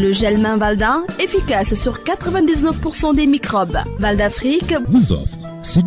Le gel main Valdin, efficace sur 99% des microbes. Val vous offre cette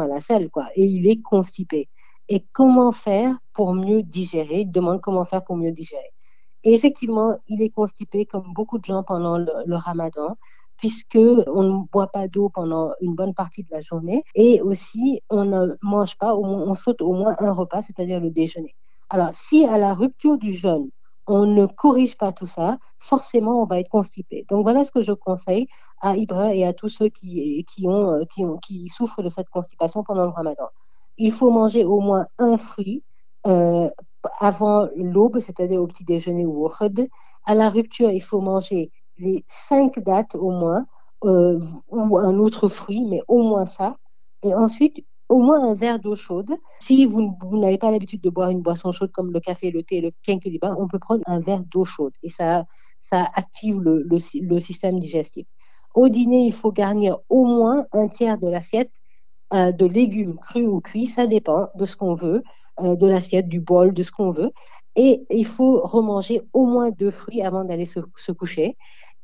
à la selle, quoi. Et il est constipé. Et comment faire pour mieux digérer Il demande comment faire pour mieux digérer. Et effectivement, il est constipé comme beaucoup de gens pendant le, le ramadan puisque on ne boit pas d'eau pendant une bonne partie de la journée et aussi on ne mange pas, on, on saute au moins un repas, c'est-à-dire le déjeuner. Alors, si à la rupture du jeûne, on ne corrige pas tout ça, forcément on va être constipé. Donc voilà ce que je conseille à Ibra et à tous ceux euh, qui, souffrent de cette constipation pendant le ramadan. Il faut manger au moins un fruit euh, avant l'aube, c'est-à-dire au petit déjeuner ou au khud. À la rupture, il faut manger les cinq dates au moins, euh, ou un autre fruit, mais au moins ça. Et ensuite, au moins un verre d'eau chaude. Si vous, vous n'avez pas l'habitude de boire une boisson chaude comme le café, le thé, le quinquilibre, on peut prendre un verre d'eau chaude et ça, ça active le, le, le, système digestif. Au dîner, il faut garnir au moins un tiers de l'assiette euh, de légumes crus ou cuits, ça dépend de ce qu'on veut, euh, de l'assiette, du bol, de ce qu'on veut. Et il faut remanger au moins deux fruits avant d'aller se, se coucher.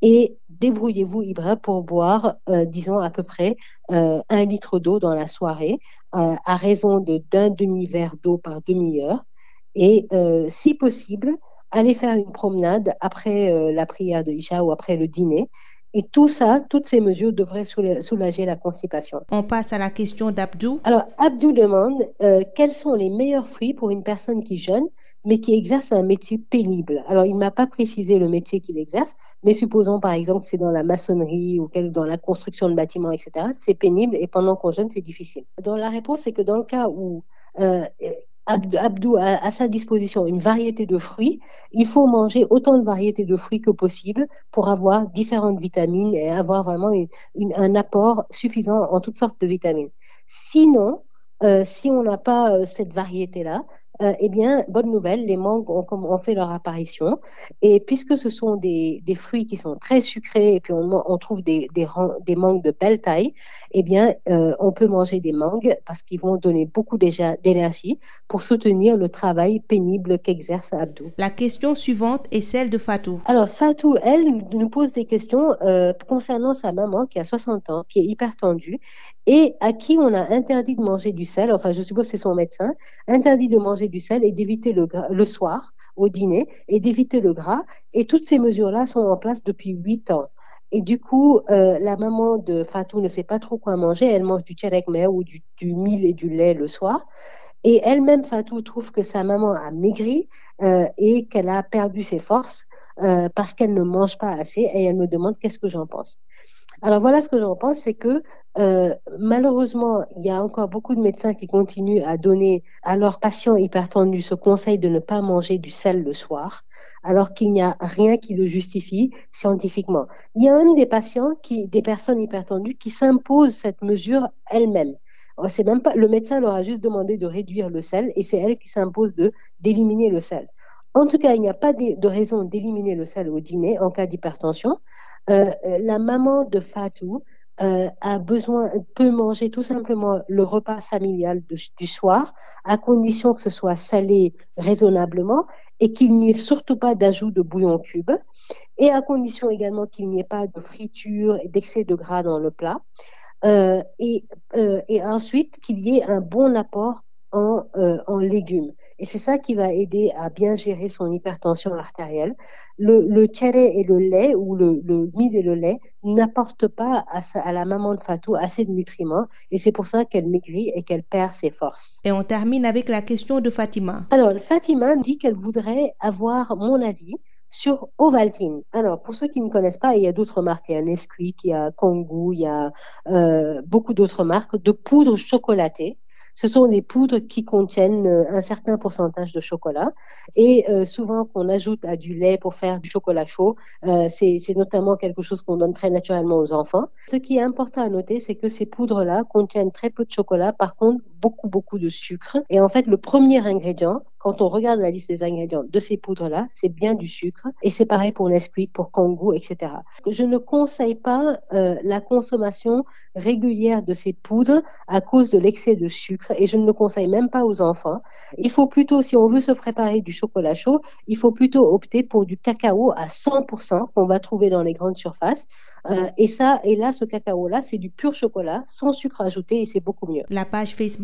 et débrouillez-vous Ibra pour boire, euh, disons, à peu près euh, un litre d'eau dans la soirée euh, à raison de, demi-verre d'eau par demi-heure. Et euh, si possible, allez faire une promenade après euh, la prière de Isha ou après le dîner Et tout ça, toutes ces mesures devraient soulager la constipation. On passe à la question d'Abdou. Alors, Abdou demande euh, quels sont les meilleurs fruits pour une personne qui jeûne, mais qui exerce un métier pénible. il ne pas précisé le métier qu'il exerce, mais supposons par exemple que c'est dans la maçonnerie ou dans la construction de bâtiments, etc. C'est pénible et pendant qu'on jeûne, c'est difficile. Donc, la réponse est que dans le cas où euh, Abdou a à sa disposition une variété de fruits. Il faut manger autant de variétés de fruits que possible pour avoir différentes vitamines et avoir vraiment un apport suffisant en toutes sortes de vitamines. Sinon, euh, si on n'a pas euh, cette variété-là, euh, eh bien, bonne nouvelle, les mangues ont, ont, fait leur apparition. Et puisque ce sont des, des fruits qui sont très sucrés et puis on, on trouve des, des, des, mangues de belle taille, eh bien, euh, on peut manger des mangues parce qu'ils vont donner beaucoup d'énergie pour soutenir le travail pénible qu'exerce Abdou. La question suivante est celle de Fatou. Alors, Fatou, elle, nous pose des questions euh, concernant sa maman qui a 60 ans, qui est hyper tendue et à qui on a interdit de manger du sel, enfin, je suppose que c'est son médecin, interdit de manger manger du sel et d'éviter le, le soir au dîner et d'éviter le gras. Et toutes ces mesures-là sont en place depuis huit ans. Et du coup, euh, la maman de Fatou ne sait pas trop quoi manger. Elle mange du tcherekme ou du, du et du lait le soir. Et elle-même, Fatou trouve que sa maman a maigri euh, et qu'elle a perdu ses forces euh, parce qu'elle ne mange pas assez et elle me demande qu'est-ce que j'en pense. Alors voilà ce que j'en pense, c'est que euh, malheureusement, il y a encore beaucoup de médecins qui continuent à donner à leurs patients hypertendus ce conseil de ne pas manger du sel le soir, alors qu'il n'y a rien qui le justifie scientifiquement. Il y a même des patients, qui, des personnes hypertendues, qui s'imposent cette mesure elles-mêmes. Oh, c'est même pas le médecin leur a juste demandé de réduire le sel et c'est elles qui s'imposent de d'éliminer le sel. En tout cas, il n'y a pas de, raison d'éliminer sel au dîner en cas d'hypertension. Euh, euh, la maman de Fatou euh, a besoin peut manger tout simplement le repas familial de, du soir à condition que ce soit salé raisonnablement et qu'il n'y ait surtout pas d'ajout de bouillon cube et à condition également qu'il n'y ait pas de friture et d'excès de gras dans le plat et ensuite qu'il y ait un bon apport en, euh, légumes. Et c'est ça qui va aider à bien gérer son hypertension artérielle. Le, le et le lait, ou le, mid et le lait, n'apportent pas à, la maman de Fatou assez de nutriments, et c'est pour ça qu'elle maigrit et qu'elle perd ses forces. Et on termine avec la question de Fatima. Alors, Fatima dit qu'elle voudrait avoir mon avis sur Ovaltine. pour ceux qui ne connaissent pas, il y a d'autres marques. Il y a Nesquik, y a euh, beaucoup d'autres marques Ce sont des poudres qui contiennent euh, un certain pourcentage de chocolat et euh, souvent qu'on ajoute à du lait pour faire du chocolat chaud. Euh, c'est notamment quelque chose qu'on donne très naturellement aux enfants. Ce qui est important à noter, c'est que ces poudres-là contiennent très peu de chocolat. Par contre, beaucoup, beaucoup de sucre. Et en fait, le premier ingrédient, quand on regarde la liste des ingrédients de ces poudres-là, c'est bien du sucre. Et c'est pareil pour Nesquik, pour Kangoo, etc. Je ne conseille pas euh, la consommation régulière de ces poudres à cause de l'excès de sucre. Et je ne conseille même pas aux enfants. Il faut plutôt, si on veut se préparer du chocolat chaud, il faut plutôt opter pour du cacao à qu'on va trouver dans les grandes surfaces. Euh, et ce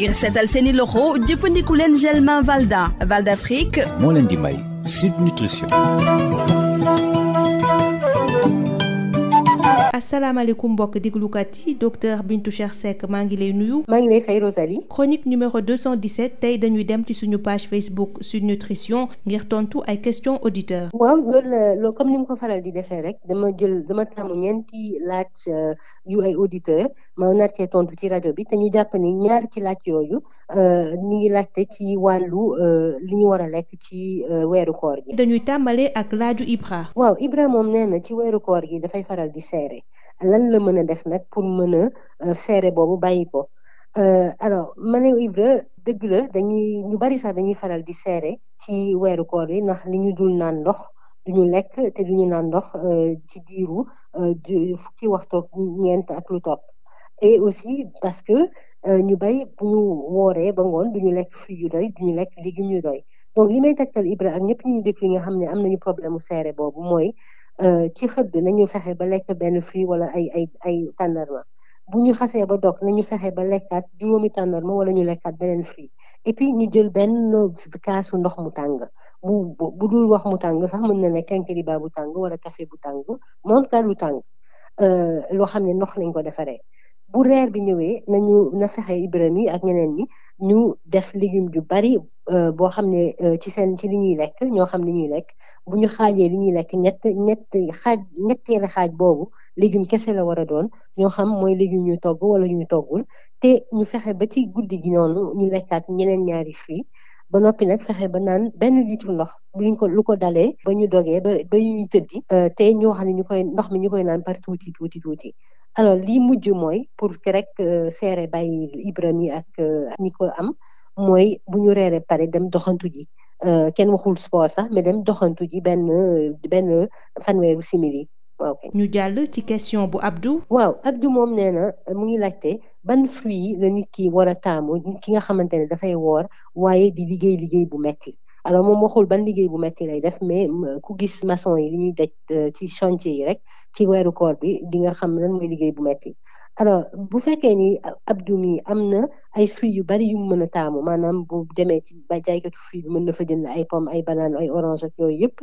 ngir seetal seeni loxo jëfandiku leen gel main Valda Valda Afrique moo leen di may Sud Nutrition asalaamaaleykum mbokk diglukat yi docteur Bintou Cheikh Seck maa ngi lay nuyu. maa ngi lay fay Rosalie. chronique numéro 217 tey dañuy dem ci suñu page Facebook su Nutrition ngir tontu ay questions auditeurs. waaw loolu la comme ni mu ko faral di defee rek dama jël dama tàmm ñeenti laaj euh, yu ay auditeurs ma nar cee ci rajo bi te ñu ni ñaar ci laaj yooyu euh, ñu ngi laajte ci wàllu euh, li ñu war a lekk ci weeru koor gi. dañuy tàmbalee ak laaju Ibra. waaw Ibra moom nee na ci weeru koor gi dafay faral di seere. lan la mën a def nag pour mën a feere euh, boobu bàyyi ko euh, alors ma ne Ibra dëgg la dañuy ñu bari sax dañuy faral di seere ci weeru koor yi ndax li ñu dul naan ndox duñu lekk te duñu naan ndox euh, ci diiru fukki waxtoog ñeent ak lu topp et aussi parce que ñu bay bu ñu wooree ba ngoon duñu lekk fruit yu doy duñu lekk légumes yu doy donc li may tegtal Ibra ak ñëpp ñuy déglu nga xam ne am nañu problème mu seere boobu mooy Euh, ci xët bi nañu fexe ba lekk benn fruit wala ay ay ay tàndarma bu ñu xasee ba dog nañu fexe ba lekkaat juróomi tàndarma wala ñu lekkaat beneen fruit et puis ñu jël benn kaasu ndox mu tàng bu bu dul wax mu tàng sax mën na ne kenkeriba bu tàng wala café bu tàng montar bu tàng euh, loo xam ne ndox lañ ko defaree bu reer bi ñëwee nañu na fexe Ibrahima yi ak ñeneen ñi ñu def légume ju bari Euh, boo xam ne euh, ci seen ci li ñuy lekk ñoo xam li ñuy lekk bu ñu xaajee li ñuy lekk ñett ñett xaaj ñetteeli xaaj boobu légume kese la war a doon ñoo xam mooy légume ñu togg wala ñu togul te ñu fexe ba ci guddi gi noonu ñu lekkaat ñeneen ñaari fruits ba noppi nag fexe ba naan benn litre ndox luñ ko lu ko dalee ba ñu dogee ba ba ñuy tëddi euh, te ñu wax ne ñu koy ndox mi ñu koy naan par tuuti tuuti tuuti alors li mujj mooy pour que rek seere bàyyi Ibrahima yi ak ñi ko am mooy bu ñu reeree pare dem doxantu ji euh, kenn waxul sport sax mais dem doxantu ji benn benn fanweeru simili waaw ñu jàll ci question bu Abdou. waaw Abdou moom nee na mu ngi ban fruit la nit ki war a taamu ki nga xamante ne dafay woor waaye di liggéey liggéey bu metti alors moom waxul ban liggéey bu metti lay def mais mm, ku gis maçon yi li ñuy daj euh, ci chantier yi rek ci weeru koor bi di nga xam lan mooy liggéey bu metti alors bu fekkee ni Abdou mi am na ay fruits yu bari yu mu mën a taamu maanaam bu demee ci ba jaaykatu fruits mën na fa jënd ay pomme ay banane ay orange ak yooyu yëpp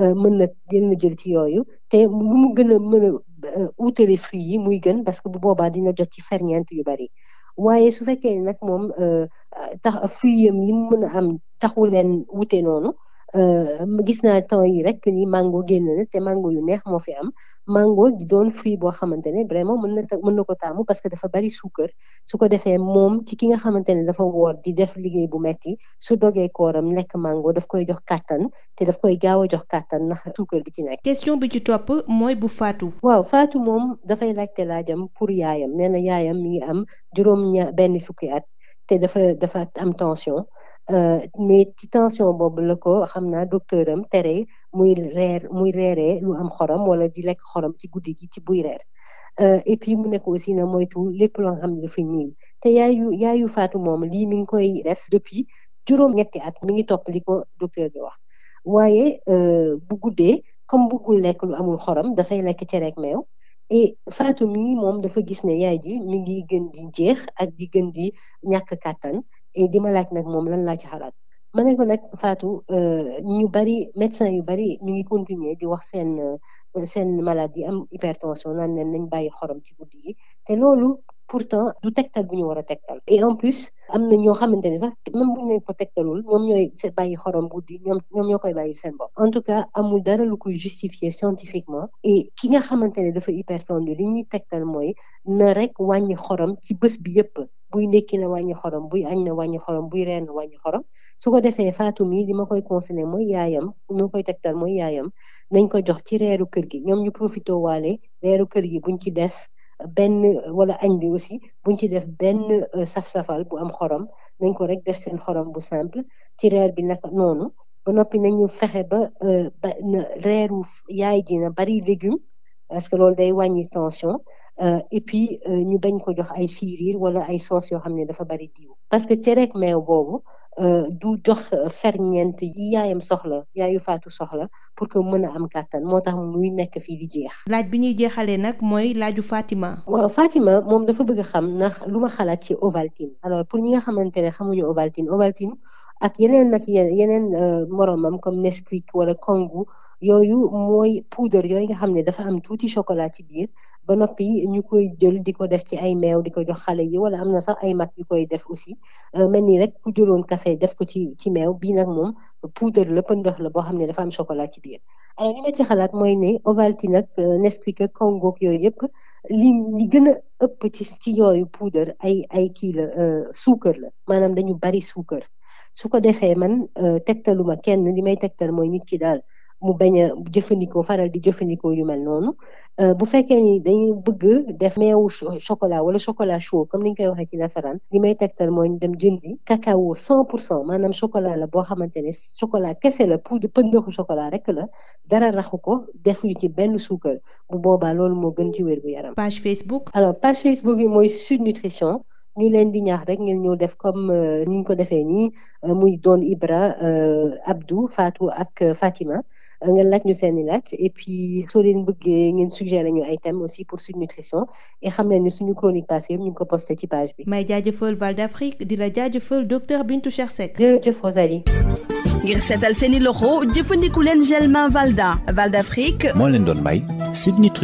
euh, mën na jël jël ci yooyu te lu mu gën euh, yi muy gën parce que bu boobaa dina jot ci ferñeent yu bari waaye su fekkee nag moom euh, tax fuyam yi mu mën a am taxu leen wute noonu Ehm, gis naa temps yi rek ni mango génn na te mango yu neex moo fi am mango di doon fruit boo xamante ne vraiment mën na mën na ko taamu parce que dafa bari suukar su ko defee moom ci ki nga xamante ne dafa woor di def liggéey bu metti su dogee kooram lekk mango daf koy jox kàttan te daf koy gaaw a jox kàttan ndax suukar bi ci nekk. question bi ci topp mooy bu faatu. waaw faatu moom dafay laajte laajam pour yaayam nee na yaayam mi ngi am juróom ña benn fukki at te dafa dafa am tension. Euh, mais ci tension boobu la ko xam naa docteur am tere muy reer muy reeree lu am xorom wala di lekk xorom ci guddi gi ci buy reer euh, et puis mu nekk aussi na moytu lépp loo xam ne dafa ñiin te yaayu faatu moom lii mi ngi koy def depuis at mi ngi topp li ko docteur wax waaye euh, bu guddee comme buggul lekk lu amul xorom dafay lekk cere ak meew et faatu mi moom dafa gis ne yaay ji mi ngi gën di jeex ak di gën di ñàkk kàttan di ma laaj nag moom lan laa ci xalaat ma ne ko nag Fatou euh, ñu bari médecin yu bari ñu ngi continuer di wax seen euh, seen maladie am hypertension na leen nañ bàyyi xorom ci guddi gi te loolu pourtant du tegtal bu ñu war a tegtal et en plus am na ñoo xamante ne sax même bu ñu leen ko tegtalul ñoom ñooy bàyyi xorom guddi ñoom ñoom ñoo koy bàyyi seen bopp en tout cas amul dara lu koy justifier scientifiquement et ki nga xamante ne dafa hypertendu li ñuy tegtal mooy na rek wàññi xorom ci bés bi yëpp buy ndékki na wàññi xorom buy añ na wàññi xorom buy reen na wàññi xorom su ko defee faatu mi li ma koy conseillé mooy yaayam li ma koy tegtal mooy yaayam nañ ko jox ci reeru kër gi ñoom ñu profité waale reeru kër gi buñ ci def benn wala añ bi aussi buñ ci def benn euh, saf-safal bu am xorom nañ ko rek def seen xorom bu simple ci reer bi naka noonu ba noppi nañu fexe ba euh, ba reeru yaay ji na bari légume parce que loolu day wàññi tension Euh, et puis euh, ñu bañ ko jox ay fiiriir wala ay soos yoo xam ne dafa bari diw parce que cere ak meew boobu Euh, du jox euh, ferñeent yi yaayam soxla yaayu faatu soxla pour que mën a am kàttan moo tax muy nekk fii di jeex. laaj bi ñuy jeexalee nag mooy laaju Fatima. waaw Fatima moom dafa bëgg a xam na lu ma xalaat ci Ovaltine alors pour ñi nga xamante ne xamuñu Ovaltine Ovaltine ak yeneen nag yeneen euh, moromam comme Nesquik wala Kongu yooyu mooy poudre yooyu nga xam ne dafa am tuuti chocolat ci biir ba noppi ñu koy jël di ko def ci ay meew di ko jox xale yi wala am na sax ay mag yu koy def aussi mel nii rek ku jëloon café café def ko ci ci meew bii nag moom poudre la pëndëx la boo xam ne dafa am chocolat ci biir alors li ma ci xalaat mooy ne Ovaltine nag euh, Nesquik ak Congo yooyu yëpp li li gën a ëpp ci ci yooyu poudre ay ay kii la euh, suukar la maanaam dañu bari suukar su ko defee man euh, tegtaluma kenn li may tegtal mooy nit ki daal mu bañ a jëfandikoo faral di jëfandikoo yu mel noonu euh, bu fekkee ni dañuy bëgg def meewu chocolat wala chocolat chaud comme ni ñu koy waxee ci nasaraan li may tegtal mooy ñu dem jëndi cacao cent pour cent maanaam chocolat la boo xamante ne chocolat kese la pour de pëndaxu chocolat rek la dara raxu ko def yu ci benn suukar bu boobaa loolu moo gën ci wér gu yaram. page Facebook alors page Facebook yi mooy Sud Nutrition. ñu leen di ñaax rek ngeen ñëw def comme euh, ni ñu ko defee nii euh, muy doon Ibra euh, Abdou Fatou ak Fatima ngeen laaj ñu seen seeni laaj et puis soo leen bëggee ngeen suggéré ñu ay thèmes aussi pour Sud Nutrition et xam leen ni suñu chronique passée yëpp ñu ngi ko posté ci page bi. may jaajëfal Val d'Afrique di la jaajëfal docteur Bintou Cheikh Seck. jërëjëf Rosalie. ngir seetal seeni loxo jëfandiku leen gel main Valda Val d'Afrique. moo leen doon may Sud